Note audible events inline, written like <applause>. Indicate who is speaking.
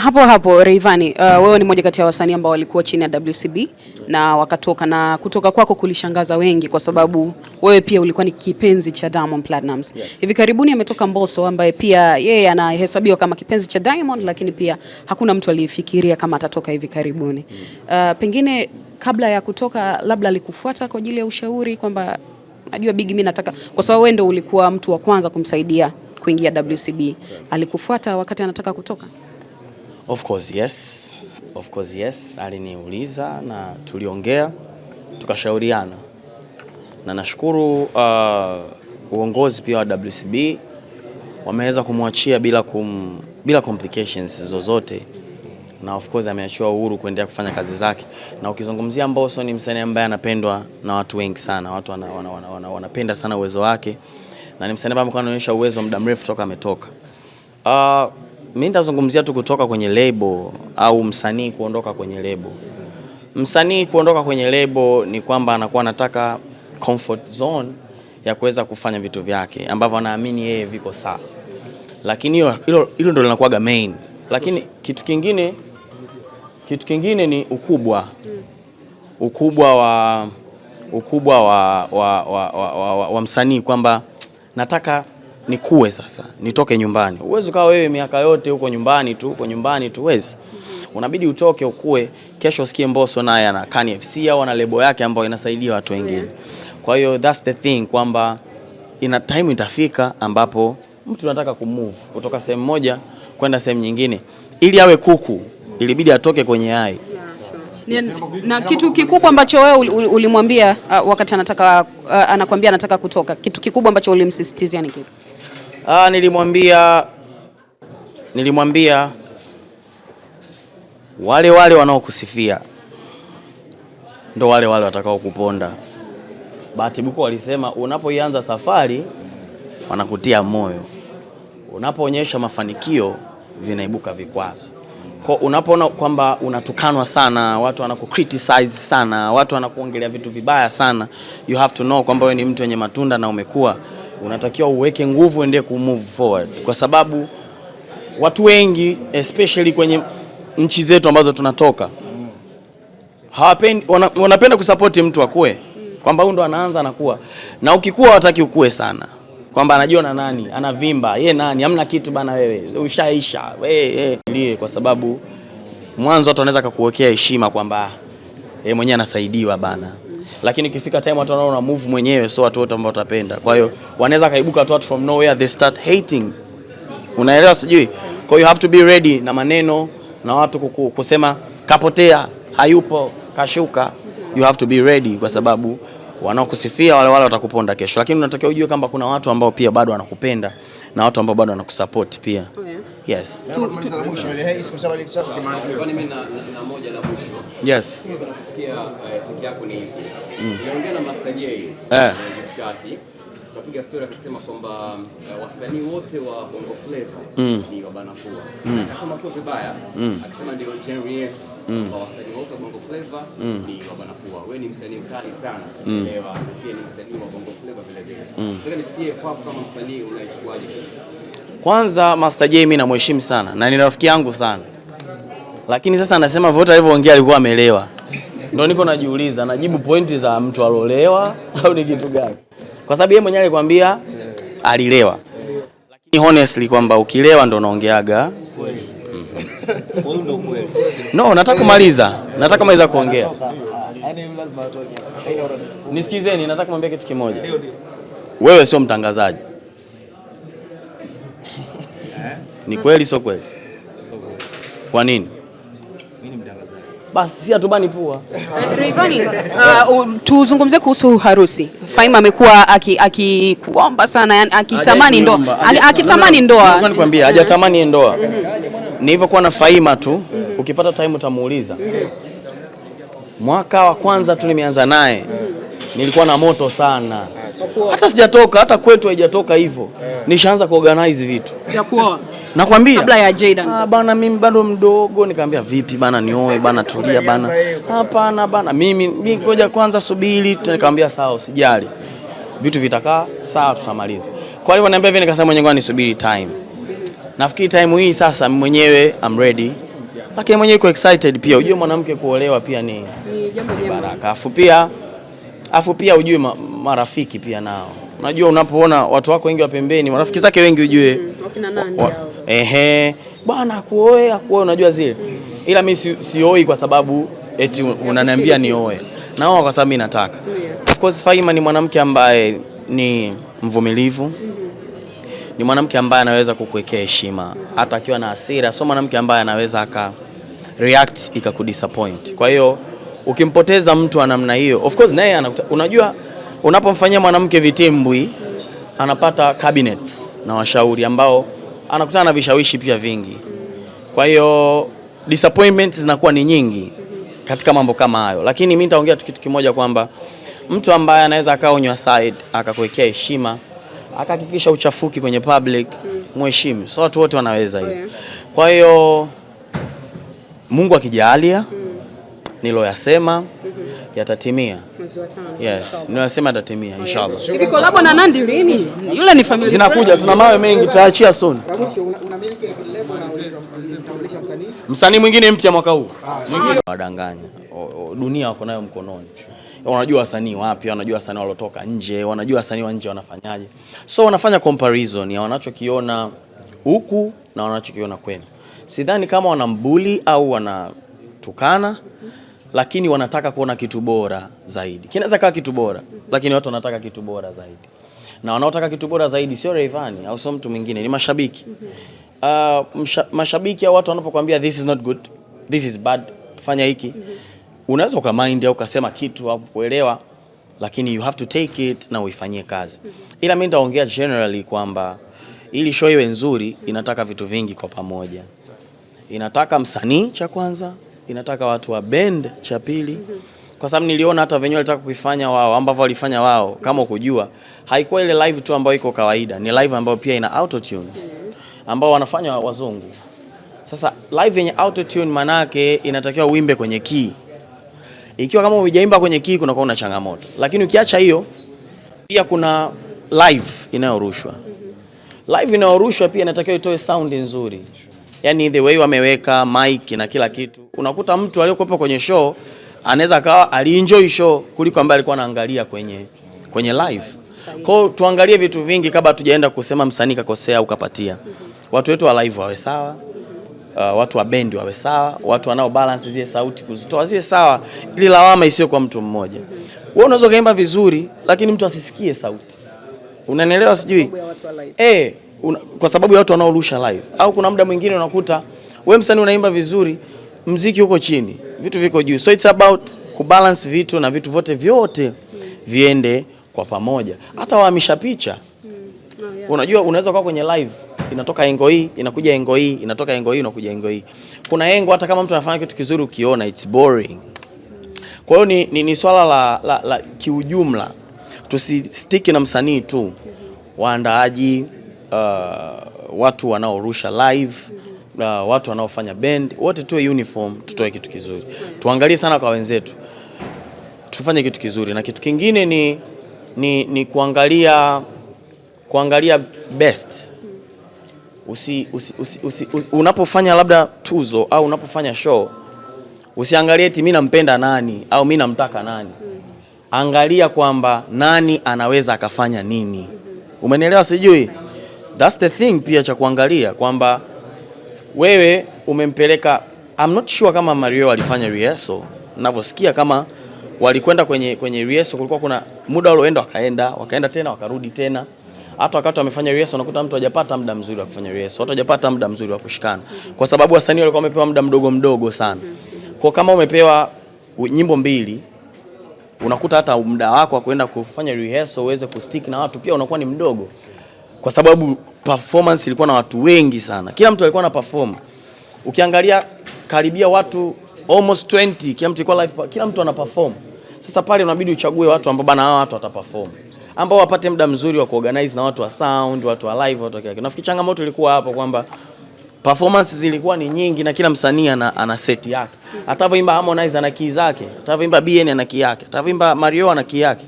Speaker 1: Hapo hapo Rayvanny, uh, wewe ni mmoja kati ya wasanii ambao walikuwa chini ya WCB na wakatoka, na kutoka kwako kulishangaza wengi kwa sababu wewe pia ulikuwa ni kipenzi cha Diamond Platnumz. Yes. Hivi karibuni ametoka Mbosso ambaye pia yeye anahesabiwa kama kipenzi cha Diamond, lakini pia hakuna mtu aliyefikiria kama atatoka hivi karibuni. Hmm. Uh, pengine kabla ya kutoka, labda alikufuata kwa ajili ya ushauri kwamba najua Big, mimi nataka, kwa sababu wewe ndio ulikuwa mtu wa kwanza kumsaidia kuingia WCB, alikufuata wakati anataka kutoka?
Speaker 2: Of course yes, of course yes, aliniuliza na tuliongea tukashauriana, na nashukuru uh, uongozi pia wa WCB wameweza kumwachia bila, kum, bila complications zozote na of course ameachiwa uhuru kuendelea kufanya kazi zake, na ukizungumzia Mbosso ni msanii ambaye anapendwa na watu wengi sana, watu wana, wana, wana, wana, wanapenda sana uwezo wake, na ni msanii ambaye anaonyesha uwezo muda mrefu toka ametoka uh, mimi nitazungumzia tu kutoka kwenye lebo au msanii kuondoka kwenye lebo. Msanii kuondoka kwenye lebo ni kwamba anakuwa anataka comfort zone ya kuweza kufanya vitu vyake ambavyo anaamini yeye viko sawa, lakini hilo hilo ndio linakuwaga main. Lakini kitu kingine, kitu kingine ni ukubwa, ukubwa wa ukubwa wa, wa, wa, wa, wa, wa, wa msanii kwamba nataka nikuwe sasa, nitoke nyumbani. Uwezi ukawa wewe miaka yote huko nyumbani tu, uko nyumbani tu, wezi unabidi utoke ukue. Kesho usikie Mbosso naye ana Kani FC au ana lebo yake ambayo inasaidia watu wengine. Kwa hiyo that's the thing kwamba ina time itafika ambapo mtu anataka kumove kutoka sehemu moja kwenda sehemu nyingine. Ili awe kuku, ilibidi atoke kwenye hai
Speaker 1: na kitu kikubwa ambacho wewe ulimwambia uh, wakati anataka, uh, anakwambia anataka kutoka, kitu kikubwa ambacho ulimsisitizia ni kipi?
Speaker 2: Ah, nilimwambia nilimwambia wale wale wanaokusifia ndo wale wale watakao kuponda. Bahati Buku walisema unapoianza safari wanakutia moyo, unapoonyesha mafanikio vinaibuka vikwazo. Kwa unapoona kwamba unatukanwa sana, watu wanakukriticize sana, watu wanakuongelea vitu vibaya sana, you have to know kwamba wewe ni mtu wenye matunda na umekuwa unatakiwa uweke nguvu uende ku move forward, kwa sababu watu wengi especially kwenye nchi zetu ambazo tunatoka hawapendi, wana, wanapenda kusapoti mtu akue kwamba huyu ndo anaanza anakuwa na ukikua wataki ukue sana kwamba anajiona nani anavimba ye nani hamna kitu bana, wewe ushaisha wewe lie, kwa sababu mwanzo watu wanaweza kakuwekea heshima kwamba yeye mwenyewe anasaidiwa bana lakini kifika time watu wanaona move mwenyewe, so watu wote ambao watapenda. Kwa hiyo wanaweza kaibuka watu from nowhere they start hating, unaelewa? Sijui. Kwa you have to be ready na maneno na watu kuku, kusema kapotea, hayupo, kashuka. You have to be ready kwa sababu wanaokusifia wale wale watakuponda kesho, lakini unatakiwa ujue kwamba kuna watu ambao pia bado wanakupenda na watu ambao bado wanakusupport pia. Yes. Yes.
Speaker 3: Eh, mm. eh. Eh, Kapiga story akisema kwamba wasanii wote wa Bongo Flava mm. ni wabanafua. Mm. Akasema sio vibaya, akasema ndio genre yetu. Wasanii wote wa Bongo Flava ni wabanafua. Wewe ni msanii mkali sana. Elewa, ni msanii wa Bongo Flava vile vile. Nisikie kwako kama msanii unaichukuaje?
Speaker 2: Kwanza Master J mimi namheshimu sana na ni rafiki yangu sana, lakini sasa anasema vyote alivyoongea alikuwa amelewa Ndio niko najiuliza, najibu pointi za mtu alolewa <laughs> au ni kitu gani? Kwa sababu yeye mwenyewe alikwambia alilewa, lakini honestly kwamba ukilewa ndo unaongeaga No, nataka kumaliza, nataka kumaliza kuongea. Yaani Nisikizeni, nataka kumwambia kitu kimoja. Wewe sio mtangazaji. Ni kweli sio kweli? Kwa nini?
Speaker 1: Basi si atubani pua. Uh, tuzungumzie kuhusu harusi. Faima amekuwa akikuomba aki sana yani, akitamani ndoa akitamani ndoa.
Speaker 2: Nikwambia mm-hmm. hajatamani ndoa mm-hmm. nilivyokuwa na Faima tu, mm-hmm. ukipata time utamuuliza. Mwaka wa kwanza tu nimeanza naye nilikuwa na moto sana hata sijatoka, hata kwetu haijatoka hivyo yeah. Nishaanza kuorganize vitu ya kuoa nakwambia,
Speaker 1: kabla ya Jaden.
Speaker 2: ah, bana, mimi bado mdogo. Nikamwambia vipi bana, nioe bana, tulia bana, hapana bana, mimi ngoja kwanza, subiri. Nikamwambia sawa, usijali, vitu vitakaa sawa, tutamaliza. Kwa hiyo niambia hivi, nikasema mwenyewe nisubiri time, nafikiri time hii sasa mwenyewe I'm ready lakini mwenyewe iko excited pia. Ujue mwanamke kuolewa pia ni jambo jema, baraka, afu pia Alafu pia ujue ma, marafiki pia nao, unajua unapoona watu wako wengi wa pembeni, marafiki zake wengi ujue mm, wakina nani hao ehe, bwana akuoe akuoe, unajua zile mm. Ila mi sioi kwa sababu eti unaniambia <laughs> nioe, naoa kwa sababu mimi nataka yeah. Of course Fahima ni mwanamke ambaye ni mvumilivu mm-hmm. Ni mwanamke ambaye anaweza kukuwekea heshima hata akiwa na hasira, so mwanamke ambaye anaweza aka react ikakudisappoint, kwa hiyo ukimpoteza mtu wa namna hiyo, of course naye unajua, unapomfanyia mwanamke vitimbwi anapata cabinets na washauri ambao anakutana na vishawishi pia vingi. Kwa hiyo disappointment zinakuwa ni nyingi katika mambo kama hayo, lakini mimi nitaongea tu kitu kimoja kwamba mtu ambaye anaweza akawa on your side akakuwekea heshima akahakikisha uchafuki kwenye public mheshimu. So watu wote wanaweza hiyo. Oh, Kwa hiyo Mungu akijalia niloyasema mhm. yatatimia. Yes, niloyasema yatatimia oh, inshallah.
Speaker 1: Hivi collab na Nandy lini? Yule ni familia.
Speaker 2: Zinakuja, tuna mawe mengi, tutaachia soon. Msanii mwingine mpya mwaka huu ah. mwingine wadanganya dunia wako nayo mkononi. Wanajua wasanii wapya, wanajua wasanii walotoka nje, wanajua wasanii wa nje wanafanyaje, so wanafanya comparison ya wanachokiona huku na wanachokiona kwenu. Sidhani kama wanambuli au wanatukana lakini wanataka kuona kitu bora zaidi. Kinaweza kawa kitu bora, lakini watu wanataka kitu bora zaidi, na wanaotaka kitu bora zaidi sio Rayvanny au sio mtu mwingine, ni mashabiki uh, msha, mashabiki au watu wanapokuambia this is not good, this is bad, fanya hiki, unaweza ukamind au ukasema kitu au kuelewa, lakini you have to take it na uifanyie kazi. Ila mimi nitaongea generally kwamba ili show iwe nzuri, inataka vitu vingi kwa pamoja. Inataka msanii cha kwanza inataka watu wa bend cha pili kwa sababu niliona hata venyewe walitaka kuifanya wao ambavyo walifanya wao, kama ukujua, haikuwa ile live tu ambayo iko kawaida, ni live ambayo pia ina autotune ambao wanafanya wazungu. Sasa live yenye autotune manake inatakiwa uimbe kwenye key. Ikiwa kama hujaimba kwenye key, kunakuwa una changamoto, lakini ukiacha hiyo, pia kuna live inayorushwa. Live inayorushwa pia inatakiwa itoe sound nzuri yani the way wameweka mic na kila kitu, unakuta mtu aliyokuwepo kwenye show anaweza akawa alienjoy show kuliko ambaye alikuwa anaangalia kwenye, kwenye live. Kwa tuangalie vitu vingi kabla tujaenda kusema msanii kakosea ukapatia. Watu wetu wa live wawe sawa, uh, watu wa bendi wawe sawa, watu wanao balance zile sauti kuzitoa ziwe sawa, ili lawama isiwe kwa mtu mmoja. Wewe unaweza kaimba vizuri, lakini mtu asisikie sauti, unanielewa? Sijui eh una, kwa sababu ya watu wanaorusha live, au kuna muda mwingine unakuta we msanii unaimba vizuri, mziki uko chini, vitu viko juu, so it's about kubalance vitu na vitu vyote vyote viende kwa pamoja, hata wahamisha picha Unajua, unaweza kuwa kwenye live inatoka engo hii inakuja engo hii inatoka engo hii inakuja engo hii. Kuna engo hata kama mtu anafanya kitu kizuri ukiona it's boring. Kwa hiyo ni, ni, ni swala la, la, la kiujumla, tusistiki na msanii tu, waandaaji uh, watu wanaorusha live uh, watu wanaofanya band wote tuwe uniform, tutoe kitu kizuri, tuangalie sana kwa wenzetu, tufanye kitu kizuri. Na kitu kingine ni, ni, ni kuangalia, kuangalia best usi, usi, usi, usi, usi, unapofanya labda tuzo au unapofanya show usiangalie eti mimi nampenda nani au mimi namtaka nani. Angalia kwamba nani anaweza akafanya nini, umenielewa? Sijui That's the thing pia cha kuangalia kwamba wewe umempeleka. I'm not sure kama Mario alifanya rehearsal, ninavyosikia kama walikwenda kwenye, kwenye rehearsal kulikuwa kuna muda walioenda wakaenda wakaenda tena wakarudi tena hata wakati wamefanya rehearsal unakuta mtu hajapata muda mzuri wa kufanya rehearsal, hata hajapata muda mzuri wa kushikana, kwa sababu wasanii walikuwa wamepewa muda mdogo mdogo sana. Kwa kama umepewa nyimbo mbili, unakuta hata muda wako wa kwenda kufanya rehearsal uweze kustick na watu pia unakuwa ni mdogo kwa sababu performance ilikuwa na watu wengi sana, kila mtu alikuwa na perform. Ukiangalia karibia watu almost 20, kila mtu alikuwa live, kila mtu ana perform. Sasa pale unabidi uchague watu ambao bana, hawa watu wataperform, ambao wapate muda mzuri wa kuorganize na watu wa sound, watu wa live, watu kile. Nafikiri changamoto ilikuwa hapo kwamba performance zilikuwa ni nyingi na kila msanii ana, ana seti yake. Atavyoimba Harmonize ana kii zake, atavyoimba BN ana kii yake, atavyoimba Mario ana kii yake.